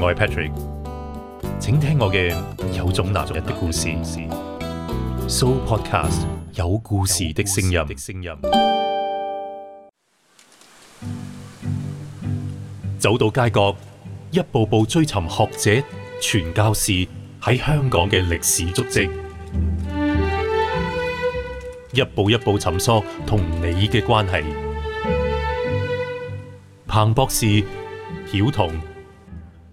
我係 Patrick，請聽我嘅有種男人的故事。So Podcast 有故事的聲音。的聲音走到街角，一步步追尋學者、傳教士喺香港嘅歷史足跡，一步一步尋索同你嘅關係。彭博士曉彤。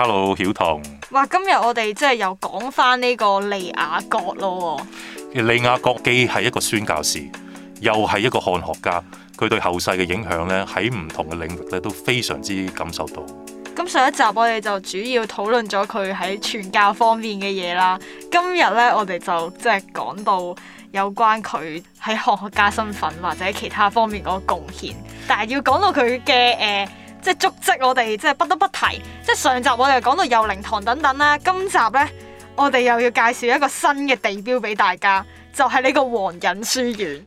Hello，曉彤。哇，今日我哋即係又講返呢個理雅各咯。理雅各既係一個宣教士，又係一個漢學家，佢對後世嘅影響咧，喺唔同嘅領域咧都非常之感受到。咁上一集我哋就主要討論咗佢喺傳教方面嘅嘢啦。今日咧，我哋就即係講到有關佢喺漢學家身份或者其他方面個貢獻，但係要講到佢嘅誒。呃即係足跡我，我哋即係不得不提。即係上集我哋講到佑靈堂等等啦，今集呢，我哋又要介紹一個新嘅地標俾大家，就係呢個皇仁書院。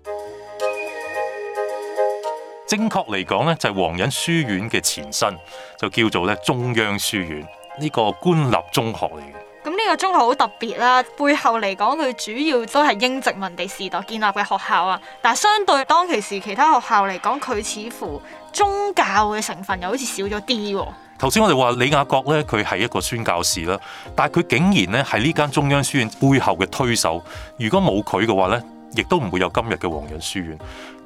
正確嚟講呢就係皇仁書院嘅前身，就叫做咧中央書院，呢個官立中學嚟嘅。咁呢個中學好特別啦，背後嚟講佢主要都係英殖民地時代建立嘅學校啊，但係相對當其時其他學校嚟講，佢似乎。宗教嘅成分又好似少咗啲，哦。頭先我哋話理雅各呢，佢係一個宣教士啦，但係佢竟然呢係呢間中央書院背後嘅推手。如果冇佢嘅話呢，亦都唔會有今日嘅皇仁書院。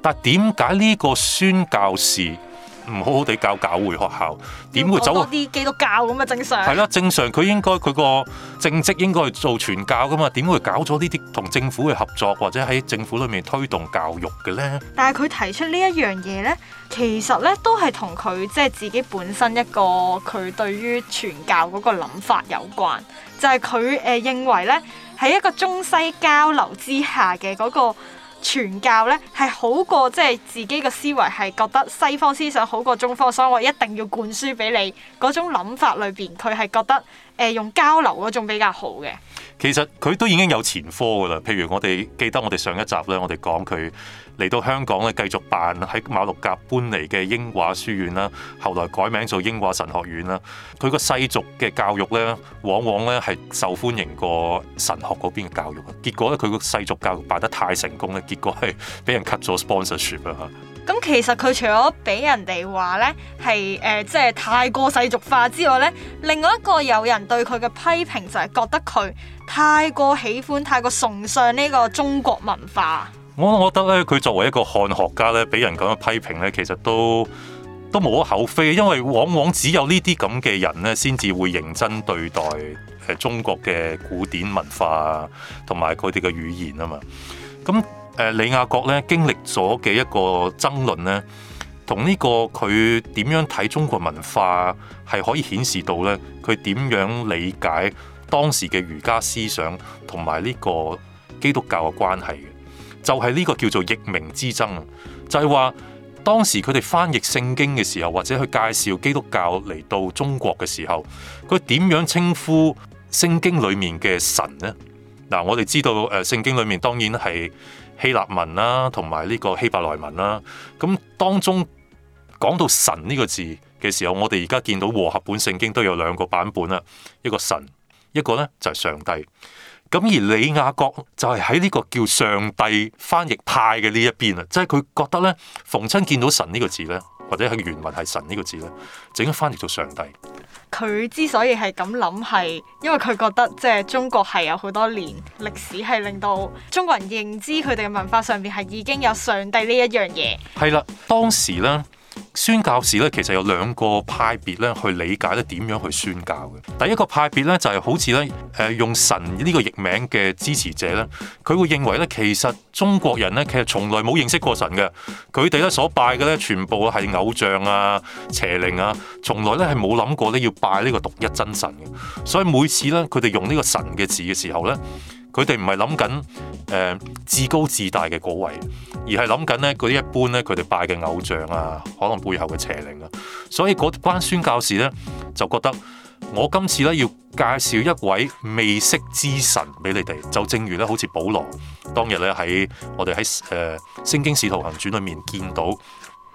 但係點解呢個宣教士？唔好好地教教會學校，點會走，啲基督教咁嘅正常？係咯，正常佢應該佢個正職應該係做傳教噶嘛，點會搞咗呢啲同政府嘅合作，或者喺政府裏面推動教育嘅呢？但係佢提出呢一樣嘢呢，其實呢都係同佢即係自己本身一個佢對於傳教嗰個諗法有關，就係佢誒認為呢，喺一個中西交流之下嘅嗰個。傳教咧係好過即係自己嘅思維係覺得西方思想好過中方，所以我一定要灌輸俾你嗰種諗法裏邊，佢係覺得誒、呃、用交流嗰種比較好嘅。其實佢都已經有前科㗎喇，譬如我哋記得我哋上一集咧，我哋講佢。嚟到香港咧，繼續辦喺馬六甲搬嚟嘅英華書院啦，後來改名做英華神學院啦。佢個世俗嘅教育咧，往往咧係受歡迎過神學嗰邊嘅教育。結果咧，佢個世俗教育辦得太成功咧，結果係俾人 cut 咗 sponsorship 啊！咁其實佢除咗俾人哋話咧係誒，即係太過世俗化之外咧，另外一個有人對佢嘅批評就係覺得佢太過喜歡、太過崇尚呢個中國文化。我覺得咧，佢作為一個漢學家咧，俾人咁樣批評咧，其實都都無可厚非，因為往往只有這這呢啲咁嘅人咧，先至會認真對待誒中國嘅古典文化啊，同埋佢哋嘅語言啊嘛。咁誒，李、呃、亞國咧經歷咗嘅一個爭論咧，同呢個佢點樣睇中國文化係可以顯示到咧，佢點樣理解當時嘅儒家思想同埋呢個基督教嘅關係嘅。就係呢個叫做譯名之爭，就係、是、話當時佢哋翻譯聖經嘅時候，或者去介紹基督教嚟到中國嘅時候，佢點樣稱呼聖經裡面嘅神呢？嗱、嗯，我哋知道誒聖、呃、經裡面當然係希臘文啦，同埋呢個希伯來文啦。咁、嗯、當中講到神呢個字嘅時候，我哋而家見到和合本聖經都有兩個版本啦，一個神，一個呢就係、是、上帝。咁而李亞國就係喺呢個叫上帝翻譯派嘅呢一邊啦，即係佢覺得咧，逢親見到神個呢個字咧，或者係原文係神個呢個字咧，整一翻譯做上帝。佢之所以係咁諗，係因為佢覺得即係、就是、中國係有好多年歷史，係令到中國人認知佢哋嘅文化上邊係已經有上帝呢一樣嘢。係啦，當時咧。宣教士咧，其實有兩個派別咧，去理解咧點樣去宣教嘅。第一個派別咧，就係、是、好似咧，誒、呃，用神呢個譯名嘅支持者咧，佢會認為咧，其實中國人咧，其實從來冇認識過神嘅，佢哋咧所拜嘅咧，全部係偶像啊、邪靈啊，從來咧係冇諗過咧要拜呢個獨一真神嘅，所以每次咧，佢哋用呢個神嘅字嘅時候咧。佢哋唔係諗緊誒至高至大嘅嗰位，而係諗緊呢嗰啲一般呢，佢哋拜嘅偶像啊，可能背後嘅邪靈啊。所以嗰班宣教士呢，就覺得我今次呢要介紹一位未識之神俾你哋，就正如呢，好似保羅當日呢，喺我哋喺誒聖經使徒行傳裏面見到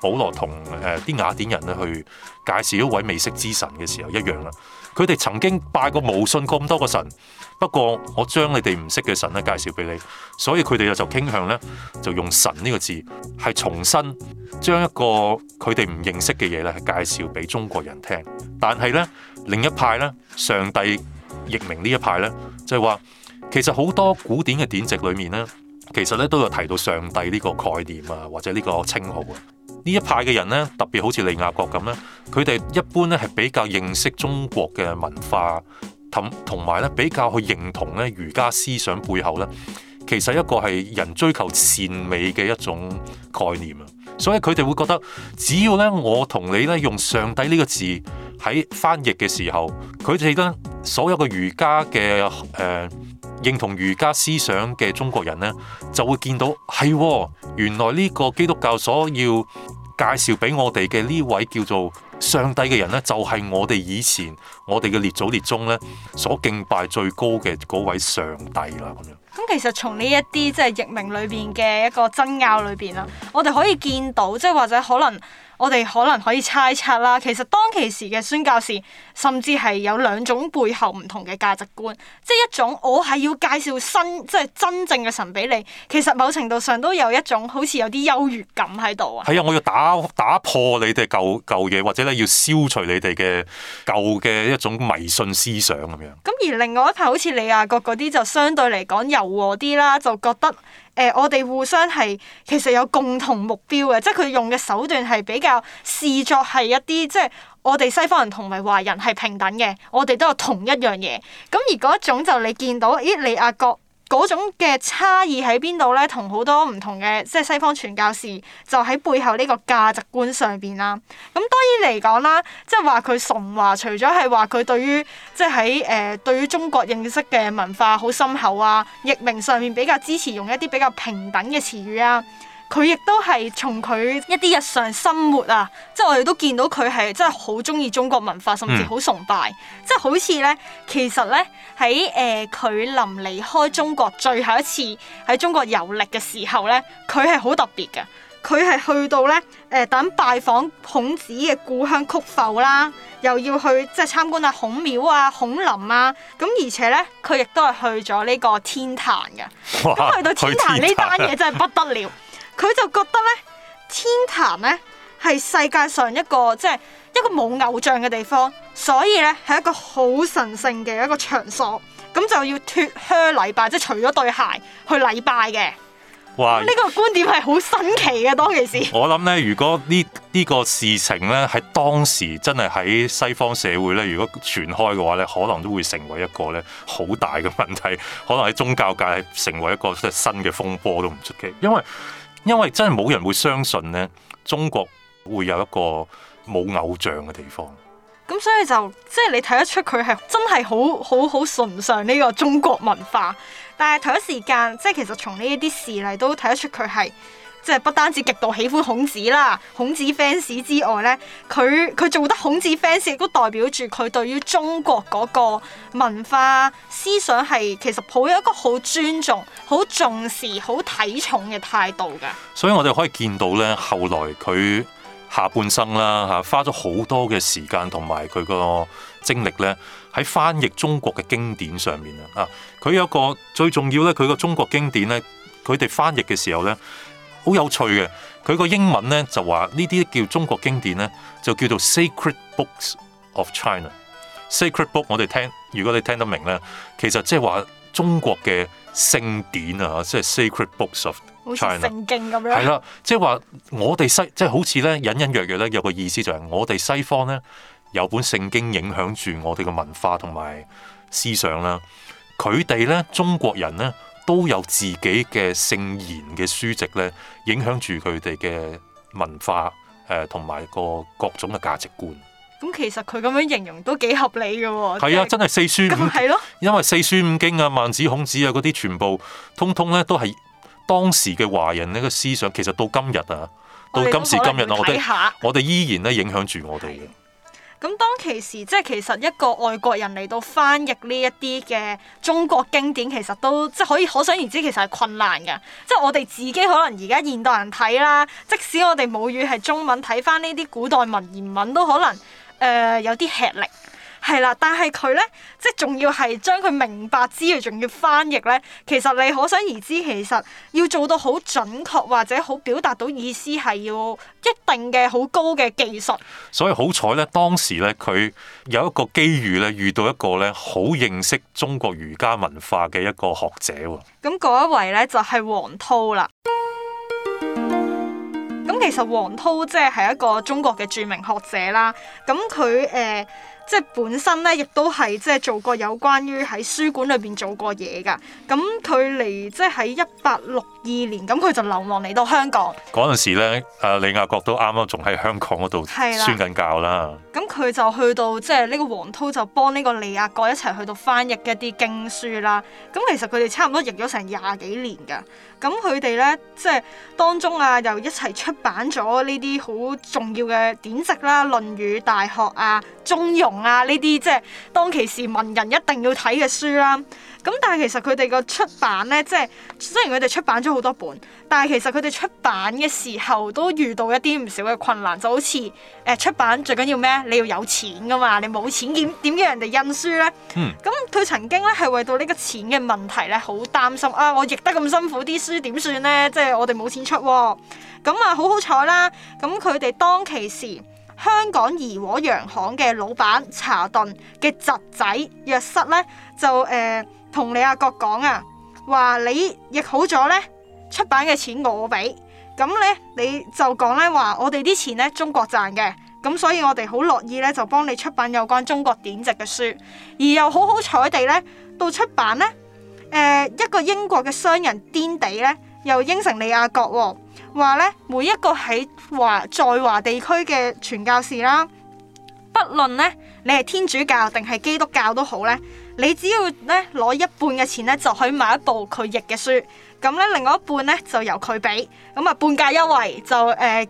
保羅同誒啲雅典人咧，去介紹一位未識之神嘅時候一樣啦。佢哋曾經拜過無信咁多個神，不過我將你哋唔識嘅神咧介紹俾你，所以佢哋就傾向咧就用神呢個字，係重新將一個佢哋唔認識嘅嘢咧，係介紹俾中國人聽。但係咧另一派咧，上帝譯名呢一派咧，就係話其實好多古典嘅典籍裏面咧，其實咧都有提到上帝呢個概念啊，或者呢個稱號啊。呢一派嘅人呢，特別好似利亞國咁呢，佢哋一般呢係比較認識中國嘅文化，同同埋呢比較去認同呢儒家思想背後呢，其實一個係人追求善美嘅一種概念啊。所以佢哋會覺得，只要呢我同你呢用上帝呢個字喺翻譯嘅時候，佢哋呢所有嘅儒家嘅誒。呃認同儒家思想嘅中國人呢，就會見到係，哦，原來呢個基督教所要介紹俾我哋嘅呢位叫做上帝嘅人呢，就係、是、我哋以前我哋嘅列祖列宗呢所敬拜最高嘅嗰位上帝啦。咁樣咁其實從呢一啲即係譯名裏邊嘅一個爭拗裏邊啦，我哋可以見到即係或者可能。我哋可能可以猜測啦，其實當其時嘅宣教士甚至係有兩種背後唔同嘅價值觀，即係一種我係要介紹新即係真正嘅神俾你，其實某程度上都有一種好似有啲優越感喺度啊。係啊，我要打打破你哋舊舊嘅，或者咧要消除你哋嘅舊嘅一種迷信思想咁樣。咁而另外一派好似利亞國嗰啲就相對嚟講柔和啲啦，就覺得。誒、呃，我哋互相係其實有共同目標嘅，即係佢用嘅手段係比較視作係一啲，即係我哋西方人同埋華人係平等嘅，我哋都有同一樣嘢。咁而嗰一種就你見到，咦？你亞國。嗰種嘅差異喺邊度咧？同好多唔同嘅即係西方傳教士就喺背後呢個價值觀上邊啦、啊。咁當然嚟講啦，即係話佢崇華，除咗係話佢對於即係喺誒對於中國認識嘅文化好深厚啊，譯名上面比較支持用一啲比較平等嘅詞語啊。佢亦都係從佢一啲日常生活啊，即係我哋都見到佢係真係好鍾意中國文化，甚至好崇拜。嗯、即係好似咧，其實咧喺誒佢臨離開中國最後一次喺中國遊歷嘅時候咧，佢係好特別嘅。佢係去到咧誒、呃、等拜訪孔子嘅故鄉曲阜啦，又要去即係參觀啊孔廟啊孔林啊。咁而且咧，佢亦都係去咗呢個天壇嘅。咁哇去到天壇呢單嘢真係不得了。 佢就覺得咧，天壇咧係世界上一個即係一個冇偶像嘅地方，所以咧係一個好神聖嘅一個場所，咁就要脫靴禮拜，即係除咗對鞋去禮拜嘅。哇！呢個觀點係好新奇嘅，當其時。我諗咧，如果呢呢、這個事情咧喺當時真係喺西方社會咧，如果傳開嘅話咧，可能都會成為一個咧好大嘅問題，可能喺宗教界係成為一個即係新嘅風波都唔出奇，因為。因為真係冇人會相信咧，中國會有一個冇偶像嘅地方。咁所以就即係你睇得出佢係真係好好好崇尚呢個中國文化。但係同一時間，即係其實從呢一啲事例都睇得出佢係。即係不單止極度喜歡孔子啦，孔子 fans 之外呢，佢佢做得孔子 fans，亦都代表住佢對於中國嗰個文化思想係其實抱有一個好尊重、好重視、好睇重嘅態度㗎。所以我哋可以見到呢，後來佢下半生啦吓，花咗好多嘅時間同埋佢個精力呢，喺翻譯中國嘅經典上面啊。佢有一個最重要呢，佢個中國經典呢，佢哋翻譯嘅時候呢。好有趣嘅，佢個英文呢，就話呢啲叫中國經典呢就叫做 Sacred Books of China。Sacred Book 我哋聽，如果你聽得明呢，其實即係話中國嘅聖典啊，即係 Sacred Books of China。好似聖經咁樣。係啦，即係話我哋西，即係好似呢，隱隱約約呢，有個意思就係我哋西方呢，有本聖經影響住我哋嘅文化同埋思想啦。佢哋呢，中國人呢。都有自己嘅聖賢嘅書籍咧，影響住佢哋嘅文化誒，同、呃、埋個各種嘅價值觀。咁其實佢咁樣形容都幾合理嘅喎、哦。係啊，就是、真係四書五系咯，因為四書五經啊、孟子、孔子啊嗰啲，全部通通咧都係當時嘅華人呢個思想。其實到今日啊，到今時今日，我哋我哋依然咧影響住我哋嘅。咁當其時，即係其實一個外國人嚟到翻譯呢一啲嘅中國經典，其實都即係可以可想而知，其實係困難㗎。即係我哋自己可能而家現代人睇啦，即使我哋母語係中文，睇返呢啲古代文言文都可能誒、呃、有啲吃力。係啦，但係佢咧，即係仲要係將佢明白之餘，仲要翻譯咧。其實你可想而知，其實要做到好準確或者好表達到意思，係要一定嘅好高嘅技術。所以好彩咧，當時咧佢有一個機遇咧，遇到一個咧好認識中國儒家文化嘅一個學者喎。咁嗰一位咧就係黃濤啦。咁其實黃濤即係一個中國嘅著名學者啦。咁佢誒。呃即係本身咧，亦都係即係做過有關於喺書館裏邊做過嘢噶。咁佢嚟即係喺一八六二年，咁佢就流亡嚟到香港。嗰陣時咧，阿、啊、李亞國都啱啱仲喺香港嗰度宣緊教啦。咁佢的、嗯、就去到即係呢個黃濤就幫呢個李亞國一齊去到翻譯一啲經書啦。咁、嗯、其實佢哋差唔多譯咗成廿幾年噶。咁佢哋咧，即係當中啊，又一齊出版咗呢啲好重要嘅典籍啦，《論語》《大學》啊，《中庸》啊，呢啲即係當其時文人一定要睇嘅書啦。咁但係其實佢哋個出版咧，即係雖然佢哋出版咗好多本，但係其實佢哋出版嘅時候都遇到一啲唔少嘅困難。就好似誒、呃、出版最緊要咩？你要有錢㗎嘛，你冇錢點點叫人哋印書咧？咁佢、嗯、曾經咧係為到呢個錢嘅問題咧，好擔心啊！我譯得咁辛苦啲書點算咧？即係我哋冇錢出咁、哦、啊！好好彩啦！咁佢哋當其時香港怡和洋行嘅老闆查頓嘅侄仔約瑟咧就誒。呃同理雅各講啊，話你譯好咗呢，出版嘅錢我俾。咁呢你就講呢話我哋啲錢呢中國賺嘅，咁所以我哋好樂意呢就幫你出版有關中國典籍嘅書，而又好好彩地呢到出版呢。呃、一個英國嘅商人顛地呢又應承理雅各，話呢每一個喺華在華地區嘅傳教士啦，不論呢你係天主教定係基督教都好呢。你只要咧攞一半嘅錢咧，就可以買一部佢譯嘅書。咁咧，另外一半咧就由佢俾咁啊，半價優惠就誒、呃，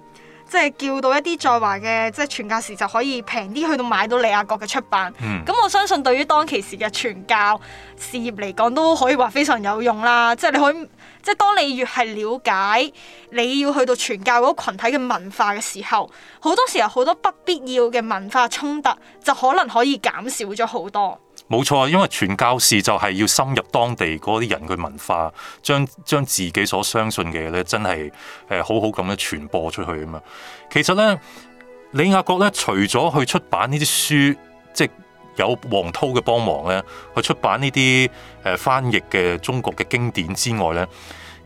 即係叫到一啲在華嘅即係傳教士就可以平啲去到買到利亞國嘅出版。咁、嗯、我相信對於當其時嘅傳教事業嚟講，都可以話非常有用啦。即係你可以即係當你越係了解你要去到傳教嗰個羣體嘅文化嘅時候，好多時候好多不必要嘅文化衝突就可能可以減少咗好多。冇錯，因為傳教士就係要深入當地嗰啲人嘅文化，將將自己所相信嘅嘢咧，真係誒好好咁樣傳播出去啊嘛。其實咧，理雅各咧，除咗去出版呢啲書，即係有王韜嘅幫忙咧，去出版呢啲誒翻譯嘅中國嘅經典之外咧，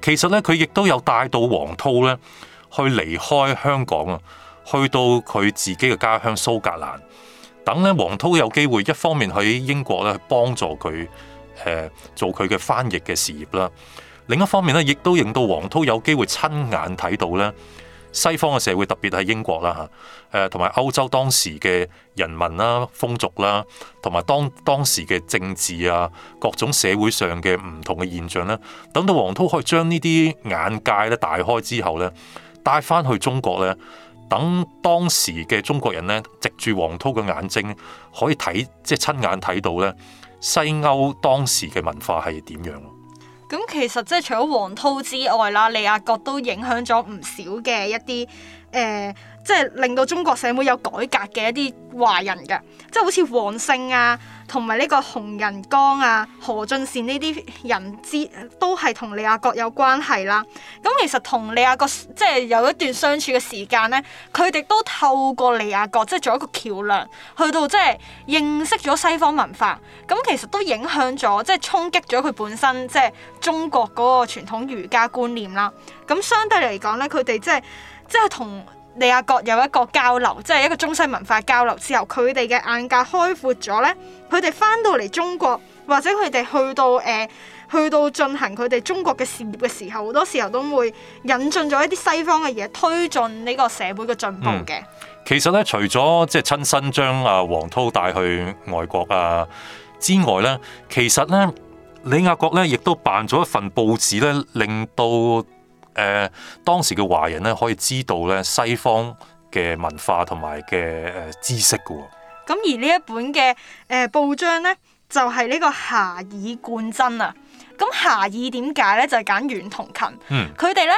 其實咧佢亦都有帶到王韜咧去離開香港啊，去到佢自己嘅家鄉蘇格蘭。等咧，王韜有機會一方面喺英國咧去幫助佢誒、呃、做佢嘅翻譯嘅事業啦，另一方面咧亦都令到王韜有機會親眼睇到咧西方嘅社會，特別係英國啦嚇誒，同、呃、埋歐洲當時嘅人民啦、風俗啦，同埋當當時嘅政治啊，各種社會上嘅唔同嘅現象咧，等到王韜可以將呢啲眼界咧大開之後咧，帶翻去中國咧。等當時嘅中國人呢，藉住黃濤嘅眼睛，可以睇，即係親眼睇到呢，西歐當時嘅文化係點樣。咁其實即係除咗黃濤之外啦，利亞國都影響咗唔少嘅一啲誒。呃即係令到中國社會有改革嘅一啲華人嘅，即係好似黃勝啊，同埋呢個洪仁玕啊、何進善呢啲人之，都係同理雅各有關係啦。咁其實同理雅各即係有一段相處嘅時間咧，佢哋都透過理雅各即係做一個橋樑，去到即係認識咗西方文化。咁其實都影響咗，即係衝擊咗佢本身即係中國嗰個傳統儒家觀念啦。咁相對嚟講咧，佢哋即係即係同。理雅各有一個交流，即係一個中西文化交流。之後佢哋嘅眼界開闊咗咧，佢哋翻到嚟中國，或者佢哋去到誒、呃，去到進行佢哋中國嘅事業嘅時候，好多時候都會引進咗一啲西方嘅嘢，推進呢個社會嘅進步嘅、嗯。其實咧，除咗即係親身將阿、啊、黃濤帶去外國啊，啊之外咧，其實咧，理雅各咧亦都辦咗一份報紙咧，令到。誒、呃、當時嘅華人咧，可以知道咧西方嘅文化同埋嘅誒知識嘅喎。咁而呢一本嘅誒、呃、報章咧，就係、是、呢、這個《遐邇貫珍》啊。咁遐邇點解咧？就係揀遠同近，佢哋咧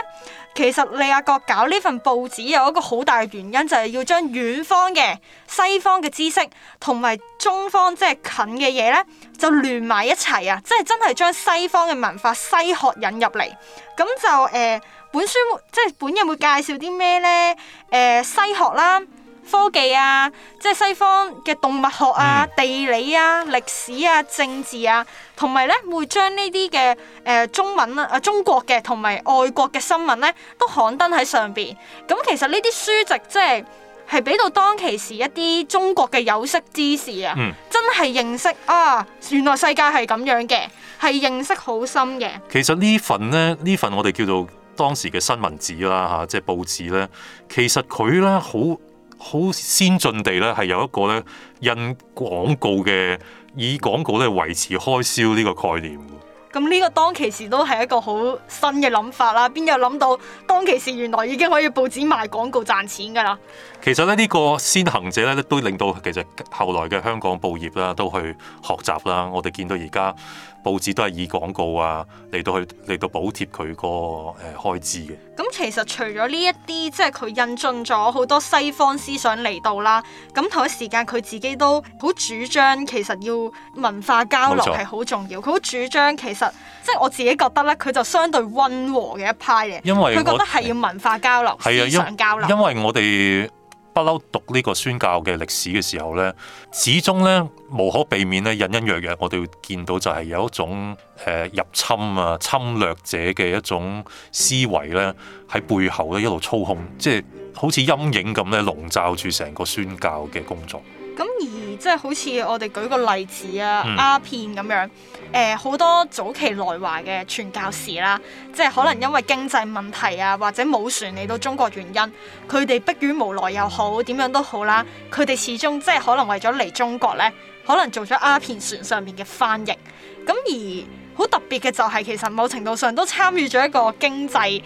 其實理雅各搞呢份報紙有一個好大嘅原因，就係、是、要將遠方嘅西方嘅知識同埋中方即係近嘅嘢咧，就聯、是、埋一齊啊！即係真係將西方嘅文化、西學引入嚟。咁就誒、呃，本書即係本人會介紹啲咩咧？誒、呃，西學啦。科技啊，即係西方嘅動物學啊、嗯、地理啊、歷史啊、政治啊，同埋咧會將呢啲嘅誒中文啊中國嘅同埋外國嘅新聞咧都刊登喺上邊。咁、嗯、其實呢啲書籍即係係俾到當其時一啲中國嘅有識之士啊，嗯、真係認識啊，原來世界係咁樣嘅，係認識好深嘅。其實呢份呢，呢份我哋叫做當時嘅新聞紙啦，嚇、啊，即係報紙咧，其實佢咧好，好先進地呢，係有一個呢印廣告嘅，以廣告嚟維持開銷呢個概念。咁呢個當其時都係一個好新嘅諗法啦！邊有諗到當其時原來已經可以報紙賣廣告賺錢㗎啦？其實咧，呢個先行者咧都令到其實後來嘅香港報業啦，都去學習啦。我哋見到而家報紙都係以廣告啊嚟到去嚟到補貼佢個誒開支嘅。咁其實除咗呢一啲，即係佢引進咗好多西方思想嚟到啦。咁同一時間，佢自己都好主張，其實要文化交流係好重要。佢好錯主張其實即係我自己覺得咧，佢就相對温和嘅一派嘅。因為佢覺得係要文化交流、思要、嗯、交流因。因為我哋。不嬲讀呢個宣教嘅歷史嘅時候咧，始終咧無可避免咧隱隱約約，我哋會見到就係有一種誒、呃、入侵啊、侵略者嘅一種思維咧，喺背後咧一路操控，即係好似陰影咁呢籠罩住成個宣教嘅工作。咁即係好似我哋舉個例子啊，鴉、嗯、片咁樣誒，好、呃、多早期來華嘅傳教士啦，即係可能因為經濟問題啊，或者冇船嚟到中國原因，佢哋逼於無奈又好，點樣都好啦，佢哋始終即係可能為咗嚟中國咧，可能做咗鴉片船上面嘅翻譯，咁而好特別嘅就係其實某程度上都參與咗一個經濟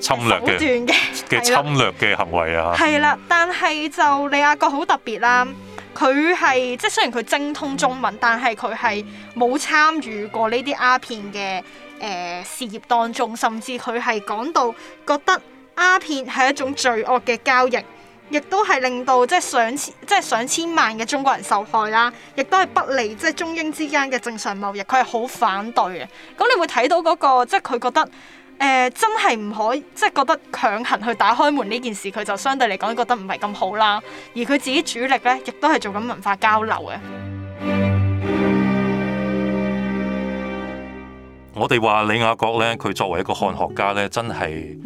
侵略嘅嘅侵略嘅行為啊，係、嗯、啦，但係就你話個好特別啦。嗯佢係即係雖然佢精通中文，但係佢係冇參與過呢啲鴉片嘅誒、呃、事業當中，甚至佢係講到覺得鴉片係一種罪惡嘅交易，亦都係令到即係上千即係上千萬嘅中國人受害啦，亦都係不利即係中英之間嘅正常貿易，佢係好反對嘅。咁你會睇到嗰、那個即係佢覺得。誒、嗯、真係唔可即係覺得強行去打開門呢件事，佢就相對嚟講覺得唔係咁好啦。而佢自己主力呢，亦都係做緊文化交流嘅。我哋話理雅各呢，佢作為一個漢學家呢，真係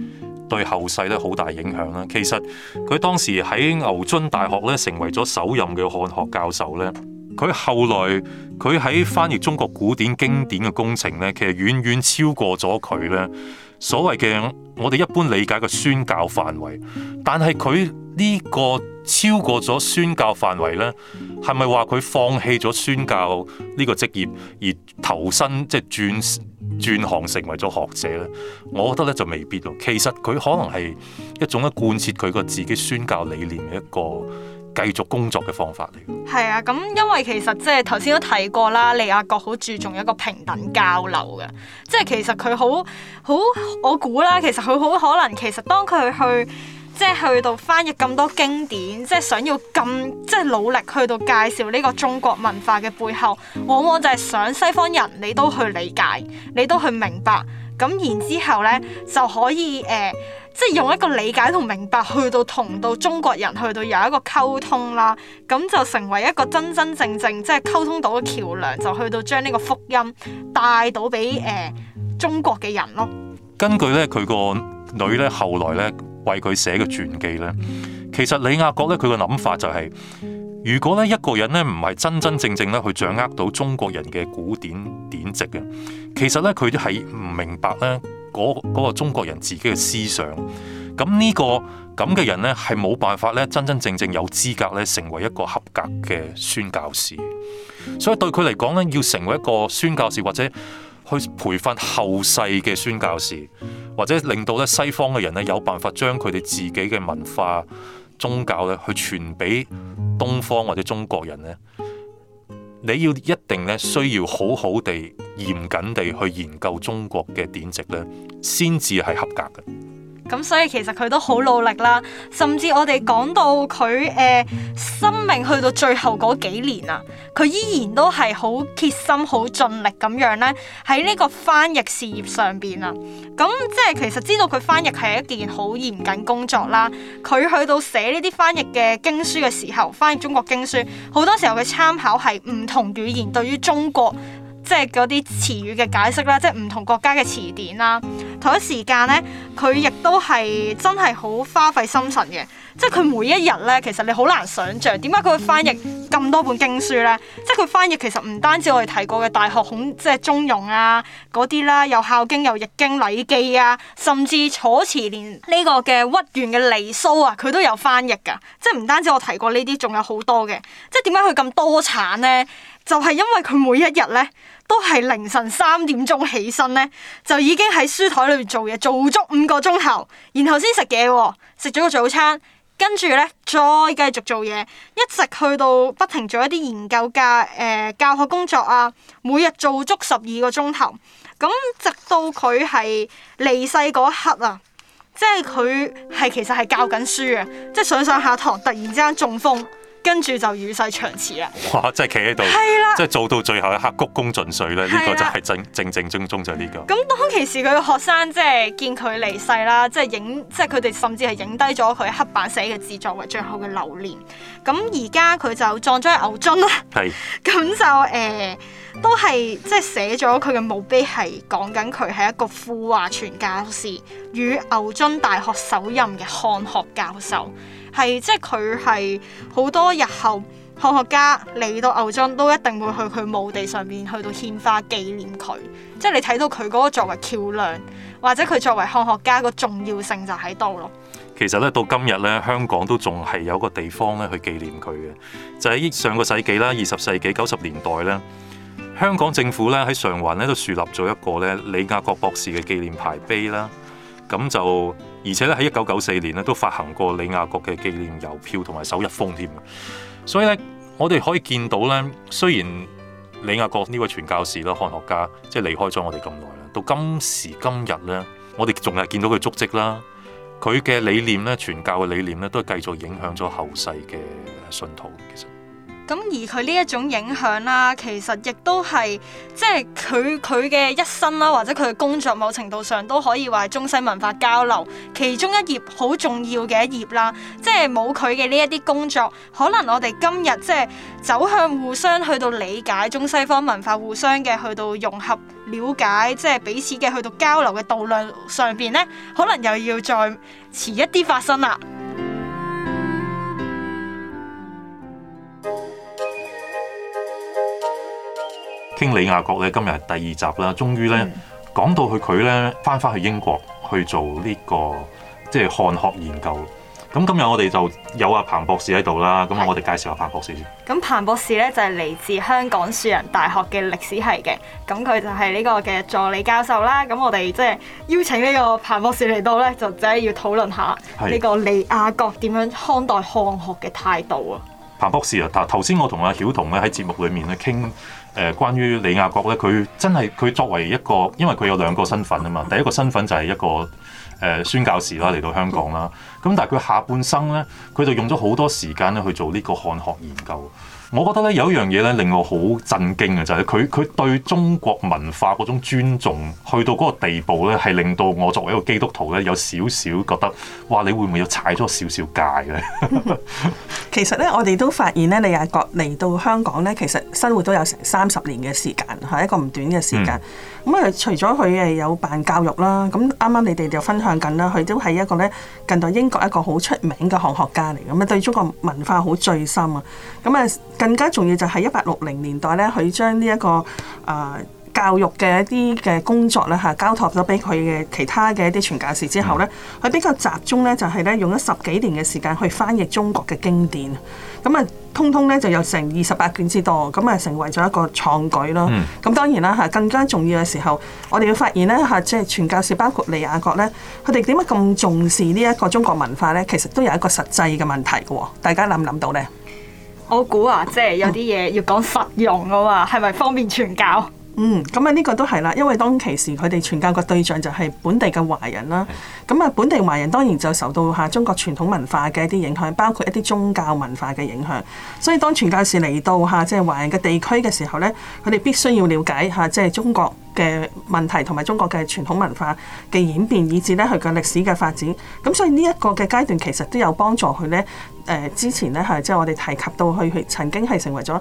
對後世呢好大影響啦。其實佢當時喺牛津大學呢，成為咗首任嘅漢學教授呢。佢後來佢喺翻譯中國古典經典嘅工程呢，其實遠遠超過咗佢呢所謂嘅我哋一般理解嘅宣教範圍。但係佢呢個超過咗宣教範圍呢，係咪話佢放棄咗宣教呢個職業而投身即係轉轉行成為咗學者呢？我覺得呢就未必咯。其實佢可能係一種咧貫徹佢個自己宣教理念嘅一個。繼續工作嘅方法嚟嘅。係啊，咁因為其實即係頭先都提過啦，理雅各好注重一個平等交流嘅，即係其實佢好好，我估啦，其實佢好可能其實當佢去即係去到翻譯咁多經典，即係想要咁即係努力去到介紹呢個中國文化嘅背後，往往就係想西方人你都去理解，你都去明白。咁然之後咧，就可以誒、呃，即係用一個理解同明白去到同到中國人去到有一個溝通啦。咁就成為一個真真正正，即係溝通到嘅橋梁，就去到將呢個福音帶到俾誒、呃、中國嘅人咯。根據咧佢個女咧後來咧為佢寫嘅傳記咧，其實李亞國咧佢嘅諗法就係、是。如果咧一個人咧唔係真真正正咧去掌握到中國人嘅古典典籍嘅，其實咧佢都係唔明白咧嗰、嗰個中國人自己嘅思想。咁呢、呢個咁嘅人咧係冇辦法咧真真正正有資格咧成為一個合格嘅宣教士。所以對佢嚟講咧，要成為一個宣教士或者去培訓後世嘅宣教士，或者令到咧西方嘅人咧有辦法將佢哋自己嘅文化、宗教咧，去傳俾東方或者中國人咧，你要一定咧，需要好好地、嚴謹地去研究中國嘅典籍咧，先至係合格嘅。咁所以其實佢都好努力啦，甚至我哋講到佢誒、呃、生命去到最後嗰幾年啊，佢依然都係好竭心好盡力咁樣咧，喺呢個翻譯事業上邊啊。咁即係其實知道佢翻譯係一件好嚴謹工作啦。佢去到寫呢啲翻譯嘅經書嘅時候，翻譯中國經書，好多時候嘅參考係唔同語言對於中國即係嗰啲詞語嘅解釋啦，即係唔同國家嘅詞典啦。同一時間呢，佢亦都係真係好花費心神嘅，即係佢每一日呢，其實你好難想像點解佢會翻譯咁多本經書呢？即係佢翻譯其實唔單止我哋提過嘅《大學孔》即係《中庸》啊嗰啲啦，又《孝經》又《易經》《禮記》啊，甚至《楚辭》連呢個嘅屈原嘅《離騷》啊，佢都有翻譯㗎。即係唔單止我提過呢啲，仲有好多嘅。即係點解佢咁多產呢？就係因為佢每一日呢，都係凌晨三點鐘起身呢，就已經喺書台裏面做嘢，做足五個鐘頭，然後先食嘢，食咗個早餐，跟住呢再繼續做嘢，一直去到不停做一啲研究嘅、誒、呃、教學工作啊，每日做足十二個鐘頭，咁直到佢係離世嗰一刻啊，即係佢係其實係教緊書啊，即係上上下堂突然之間中風。跟住就與世長辭啦！哇，即係企喺度，的即係做到最後一刻鞠躬盡瘁咧，呢的個就係正正正宗宗，就係呢、這個。咁當其時，佢嘅學生即係見佢離世啦，即係影即係佢哋甚至係影低咗佢黑板寫嘅字作為最後嘅留念。咁而家佢就葬咗去牛津啦。係。咁就誒、呃，都係即係寫咗佢嘅墓碑係講緊佢係一個富華傳教士與牛津大學首任嘅漢學教授。係，即係佢係好多日後漢學家嚟到牛津都一定會去佢墓地上面去到獻花紀念佢，即係你睇到佢嗰個作為橋梁，或者佢作為漢學家個重要性就喺度咯。其實咧，到今日咧，香港都仲係有個地方咧去紀念佢嘅，就喺上個世紀啦，二十世紀九十年代咧，香港政府咧喺上環咧都樹立咗一個咧理雅各博士嘅紀念牌碑啦，咁就。而且咧喺一九九四年咧都發行過李亞國嘅紀念郵票同埋首日封添，所以咧我哋可以見到咧，雖然李亞國呢位傳教士咯、漢學家即係離開咗我哋咁耐啦，到今時今日咧，我哋仲係見到佢足跡啦，佢嘅理念咧、傳教嘅理念咧都係繼續影響咗後世嘅信徒。其實。咁而佢呢一種影響啦，其實亦都係即係佢佢嘅一生啦，或者佢嘅工作某程度上都可以話係中西文化交流其中一頁好重要嘅一頁啦。即係冇佢嘅呢一啲工作，可能我哋今日即係走向互相去到理解中西方文化，互相嘅去到融合、了解，即係彼此嘅去到交流嘅度量上邊呢，可能又要再遲一啲發生啦。傾李亞國咧，今日係第二集啦，終於咧、嗯、講到去佢咧翻返去英國去做呢、這個即係、就是、漢學研究。咁今日我哋就有阿、啊、彭博士喺度啦，咁我哋介紹下、啊、彭博士先。咁彭博士咧就係、是、嚟自香港樹仁大學嘅歷史系嘅，咁佢就係呢個嘅助理教授啦。咁我哋即係邀請呢個彭博士嚟到咧，就真、是、係要討論下呢個李亞國點樣看待漢學嘅態度啊。彭博士啊，嗱頭先我同阿曉彤咧喺節目裡面咧傾。誒、呃，關於李亞國咧，佢真係佢作為一個，因為佢有兩個身份啊嘛。第一個身份就係一個誒、呃、宣教士啦，嚟到香港啦。咁但係佢下半生咧，佢就用咗好多時間咧去做呢個漢學研究。我覺得咧有一樣嘢咧令我好震驚嘅就係佢佢對中國文化嗰種尊重，去到嗰個地步咧係令到我作為一個基督徒咧有少少覺得，哇！你會唔會有踩咗少少界咧？ 其實咧，我哋都發現咧，理雅各嚟到香港咧，其實生活都有成三十年嘅時間，係一個唔短嘅時間，咁啊、嗯嗯，除咗佢誒有辦教育啦，咁啱啱你哋就分享緊啦，佢都係一個咧近代英。國一個好出名嘅漢學家嚟，咁啊對中國文化好醉心啊！咁啊更加重要就係一八六零年代咧，佢將呢一個啊、呃、教育嘅一啲嘅工作咧吓交託咗俾佢嘅其他嘅一啲傳教士之後咧，佢、嗯、比較集中咧就係、是、咧用咗十幾年嘅時間去翻譯中國嘅經典。咁啊，通通咧就有成二十八卷之多，咁啊，成為咗一個創舉咯。咁、嗯、當然啦，嚇更加重要嘅時候，我哋要發現咧嚇，即係傳教士包括利亞國咧，佢哋點解咁重視呢一個中國文化咧？其實都有一個實際嘅問題嘅喎，大家諗唔諗到咧？我估啊，即係有啲嘢要講實用啊嘛，係咪方便傳教？嗯，咁啊，呢個都係啦，因為當其時佢哋傳教嘅對象就係本地嘅華人啦。咁啊的，本地華人當然就受到下中國傳統文化嘅一啲影響，包括一啲宗教文化嘅影響。所以當傳教士嚟到嚇即係華人嘅地區嘅時候咧，佢哋必須要了解下即係中國嘅問題同埋中國嘅傳統文化嘅演變，以至咧佢嘅歷史嘅發展。咁所以呢一個嘅階段其實都有幫助佢咧。誒，之前咧係即係我哋提及到佢佢曾經係成為咗誒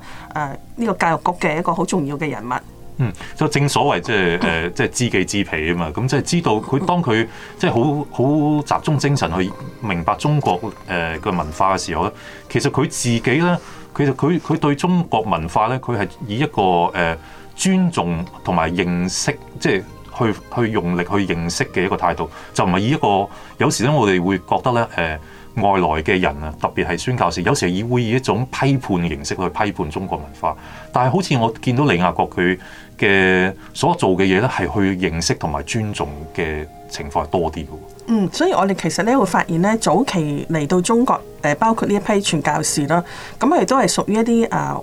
呢個教育局嘅一個好重要嘅人物。嗯，就正所謂即係誒，即、呃、係、就是、知己知彼啊嘛。咁即係知道佢當佢即係好好集中精神去明白中國誒嘅、呃、文化嘅時候咧，其實佢自己咧，其實佢佢對中國文化咧，佢係以一個誒、呃、尊重同埋認識，即、就、係、是、去去用力去認識嘅一個態度，就唔係以一個有時咧，我哋會覺得咧誒、呃、外來嘅人啊，特別係宣教士，有時以會以一種批判形式去批判中國文化，但係好似我見到李亞國佢嘅所做嘅嘢咧，係去認識同埋尊重嘅情況，係多啲嘅。嗯，所以我哋其實咧會發現咧，早期嚟到中國誒，包括呢一批傳教士啦，咁佢哋都係屬於一啲誒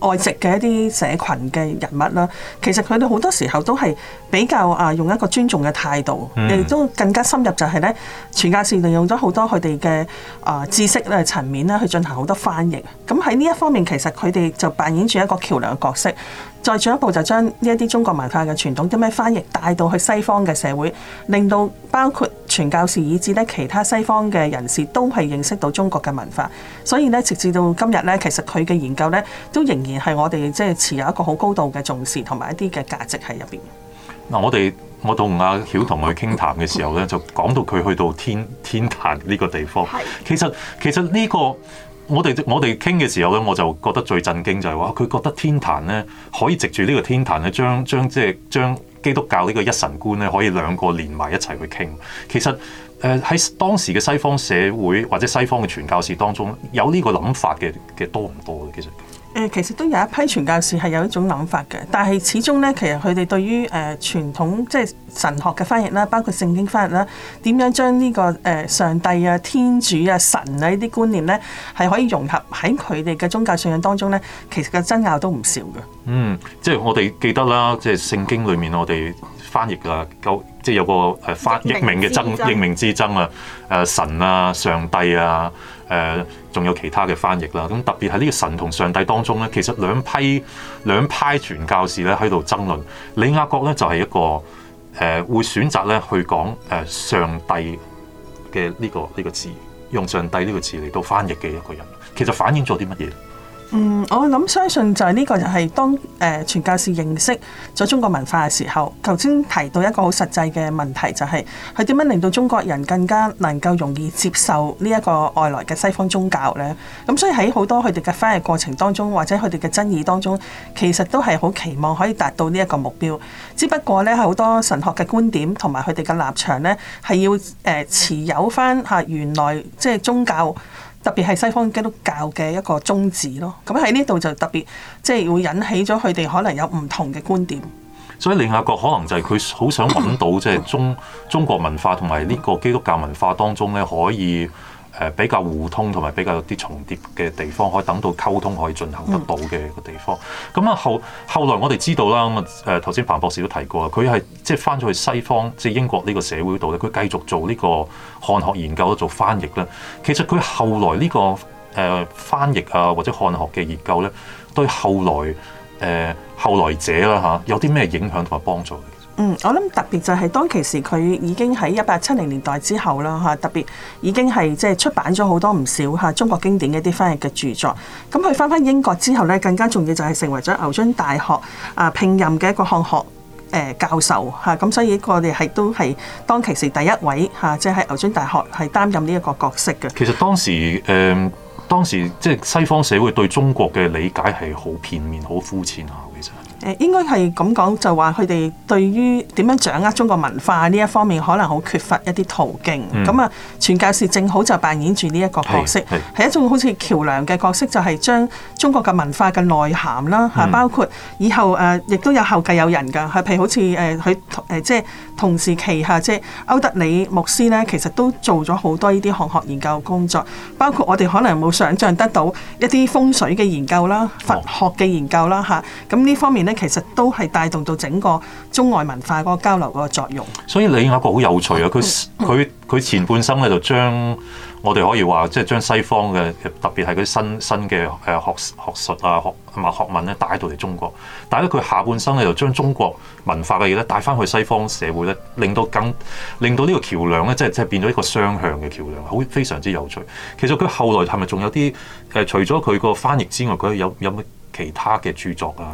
誒外籍嘅一啲社群嘅人物啦。其實佢哋好多時候都係比較啊，用一個尊重嘅態度，亦、嗯、都更加深入就係咧，傳教士利用咗好多佢哋嘅啊知識咧層面咧，去進行好多翻譯。咁喺呢一方面，其實佢哋就扮演住一個橋樑嘅角色。再進一步就將呢一啲中國文化嘅傳統，咁樣翻譯帶到去西方嘅社會，令到包括傳教士以至咧其他西方嘅人士都係認識到中國嘅文化。所以咧，直至到今日咧，其實佢嘅研究咧都仍然係我哋即係持有一個好高度嘅重視同埋一啲嘅價值喺入邊。嗱，我哋我同阿曉同佢傾談嘅時候咧，就講到佢去到天天壇呢個地方，其實其實呢個。我哋我哋傾嘅時候咧，我就覺得最震驚就係話佢覺得天壇咧可以藉住呢個天壇咧，將將即係將基督教呢個一神觀咧，可以兩個連埋一齊去傾。其實誒喺、呃、當時嘅西方社會或者西方嘅傳教士當中，有呢個諗法嘅嘅多唔多咧？其實誒、呃，其實都有一批傳教士係有一種諗法嘅，但係始終咧，其實佢哋對於誒傳統即係。神學嘅翻譯啦，包括聖經翻譯啦，點樣將呢、這個誒、呃、上帝啊、天主啊、神啊呢啲觀念咧，係可以融合喺佢哋嘅宗教信仰當中咧？其實嘅爭拗都唔少嘅。嗯，即係我哋記得啦，即係聖經裡面我哋翻譯啊，即係有個誒翻譯名嘅爭譯名之爭啊，誒、呃、神啊、上帝啊，誒、呃、仲有其他嘅翻譯啦。咁、嗯、特別係呢個神同上帝當中咧，其實兩批兩批傳教士咧喺度爭論。理雅各咧就係一個。誒會選擇咧去講誒上帝嘅呢個呢個字，用上帝呢個字嚟到翻譯嘅一個人，其實反映咗啲乜嘢？嗯，我諗相信就係呢個就係當誒、呃、傳教士認識咗中國文化嘅時候，頭先提到一個好實際嘅問題，就是，就係佢點樣令到中國人更加能夠容易接受呢一個外來嘅西方宗教呢？咁、嗯、所以喺好多佢哋嘅翻譯過程當中，或者佢哋嘅爭議當中，其實都係好期望可以達到呢一個目標。只不過呢，好多神學嘅觀點同埋佢哋嘅立場呢，係要誒、呃、持有翻嚇原來即係、就是、宗教。特別係西方基督教嘅一個宗旨咯，咁喺呢度就特別即係、就是、會引起咗佢哋可能有唔同嘅觀點。所以另一個可能就係佢好想揾到即係中中國文化同埋呢個基督教文化當中咧可以，誒比較互通同埋比較有啲重疊嘅地方，可以等到溝通可以進行得到嘅個地方。咁啊、嗯、後後來我哋知道啦，咁啊誒頭先彭博士都提過，佢係即係翻咗去西方，即係英國呢個社會度咧，佢繼續做呢個漢學研究做翻譯啦。其實佢後來呢個誒翻譯啊或者漢學嘅研究咧，對後來誒後來者啦嚇有啲咩影響同埋幫助？嗯，我諗特別就係當其時佢已經喺一八七零年代之後啦嚇，特別已經係即係出版咗好多唔少嚇中國經典嘅一啲翻譯嘅著作。咁佢翻翻英國之後咧，更加重要就係成為咗牛津大學啊聘任嘅一個漢學誒教授嚇。咁所以我哋係都係當其時第一位嚇，即係喺牛津大學係擔任呢一個角色嘅。其實當時誒、呃，當時即係西方社會對中國嘅理解係好片面、好膚淺下嘅啫，其實。誒應該係咁講，就話佢哋對於點樣掌握中國文化呢一方面，可能好缺乏一啲途徑。咁啊，傳教士正好就扮演住呢一個角色，係一種好似橋梁嘅角色，就係、是、將中國嘅文化嘅內涵啦嚇，包括以後誒亦、啊、都有後繼有人㗎。係譬如好似誒佢誒即係同時期下，即係歐德理牧師咧，其實都做咗好多呢啲學學研究工作，包括我哋可能冇想象得到一啲風水嘅研究啦、佛學嘅研究啦吓，咁、啊、呢、嗯哦、方面。其實都係帶動到整個中外文化嗰個交流嗰個作用。所以理雅各好有趣啊！佢佢佢前半生咧就將我哋可以話即係將西方嘅特別係嗰啲新新嘅誒學學術啊學同埋學問咧帶到嚟中國，但係咧佢下半生咧就將中國文化嘅嘢咧帶翻去西方社會咧，令到更令到呢個橋梁咧即係即係變咗一個雙向嘅橋梁，好非常之有趣。其實佢後來係咪仲有啲誒？除咗佢個翻譯之外，佢有有咩其他嘅著作啊？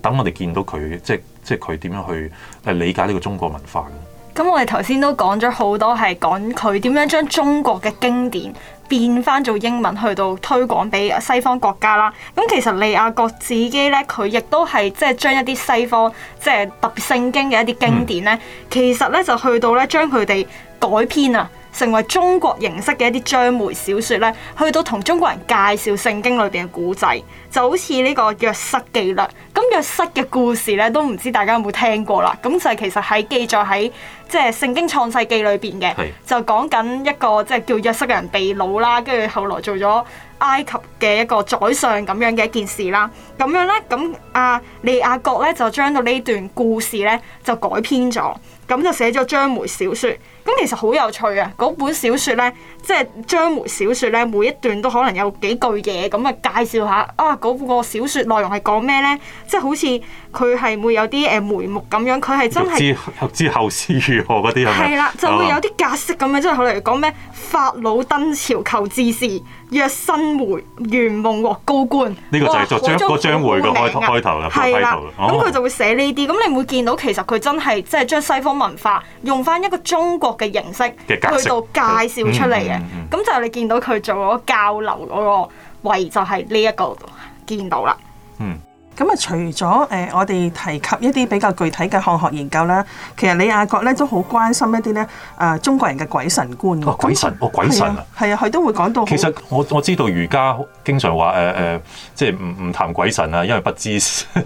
等我哋見到佢，即係即係佢點樣去係理解呢個中國文化。咁我哋頭先都講咗好多，係講佢點樣將中國嘅經典變翻做英文，去到推廣俾西方國家啦。咁其實利亞國自己咧，佢亦都係即係將一啲西方即係、就是、特別聖經嘅一啲經典咧，嗯、其實咧就去到咧將佢哋改編啊。成為中國形式嘅一啲章回小説咧，去到同中國人介紹聖經裏邊嘅古仔，就好似呢、這個約瑟記律。咁約瑟嘅故事咧，都唔知大家有冇聽過啦。咁就係其實喺記載喺即係聖經創世記裏邊嘅，就講緊一個即係叫約瑟嘅人被擄啦，跟住後，後來做咗。埃及嘅一個宰相咁樣嘅一件事啦，咁樣咧，咁阿、啊、利亞國咧就將到呢段故事咧就改編咗，咁就寫咗章回小説。咁其實好有趣啊！嗰本小説咧，即係章回小説咧，每一段都可能有幾句嘢咁啊，介紹下啊嗰個小説內容係講咩咧？即係好似佢係會有啲誒回目咁樣，佢係真係欲知欲知後事如何嗰啲啊？係啦，就會有啲格式咁樣，啊、即係後嚟講咩法老登朝求治時。約新會，圓夢獲高官。呢個就係哇做張嗰會嘅開開頭啦，係啦。咁佢就會寫呢啲。咁你會見到，其實佢真係即係將西方文化用翻一個中國嘅形式去到介紹出嚟嘅。咁就係你見到佢做嗰個交流嗰個位，就係呢一個見到啦。嗯。嗯咁啊、嗯，除咗誒、呃，我哋提及一啲比較具體嘅漢學研究啦，其實李亞國咧都好關心一啲咧，啊、呃，中國人嘅鬼神觀哦，鬼神，他哦鬼神啊，係啊，佢都會講到。其實我我知道儒家經常話誒誒，即係唔唔談鬼神啊，因為不知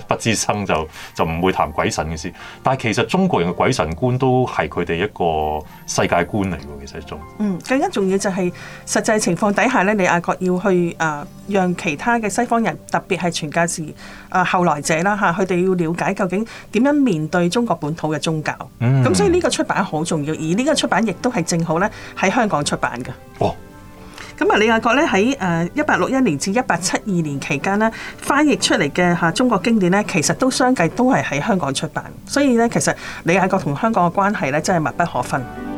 不知生就就唔會談鬼神嘅事。但係其實中國人嘅鬼神觀都係佢哋一個世界觀嚟嘅。其實仲嗯，更加重要就係、是、實際情況底下咧，李亞國要去啊。呃讓其他嘅西方人，特別係傳教士啊後來者啦嚇，佢哋要了解究竟點樣面對中國本土嘅宗教。咁、mm hmm. 所以呢個出版好重要，而呢個出版亦都係正好呢喺香港出版嘅。哦，咁啊李亞國呢喺誒一八六一年至一八七二年期間呢，翻譯出嚟嘅嚇中國經典呢，其實都相繼都係喺香港出版，所以呢，其實李亞國同香港嘅關係呢，真係密不可分。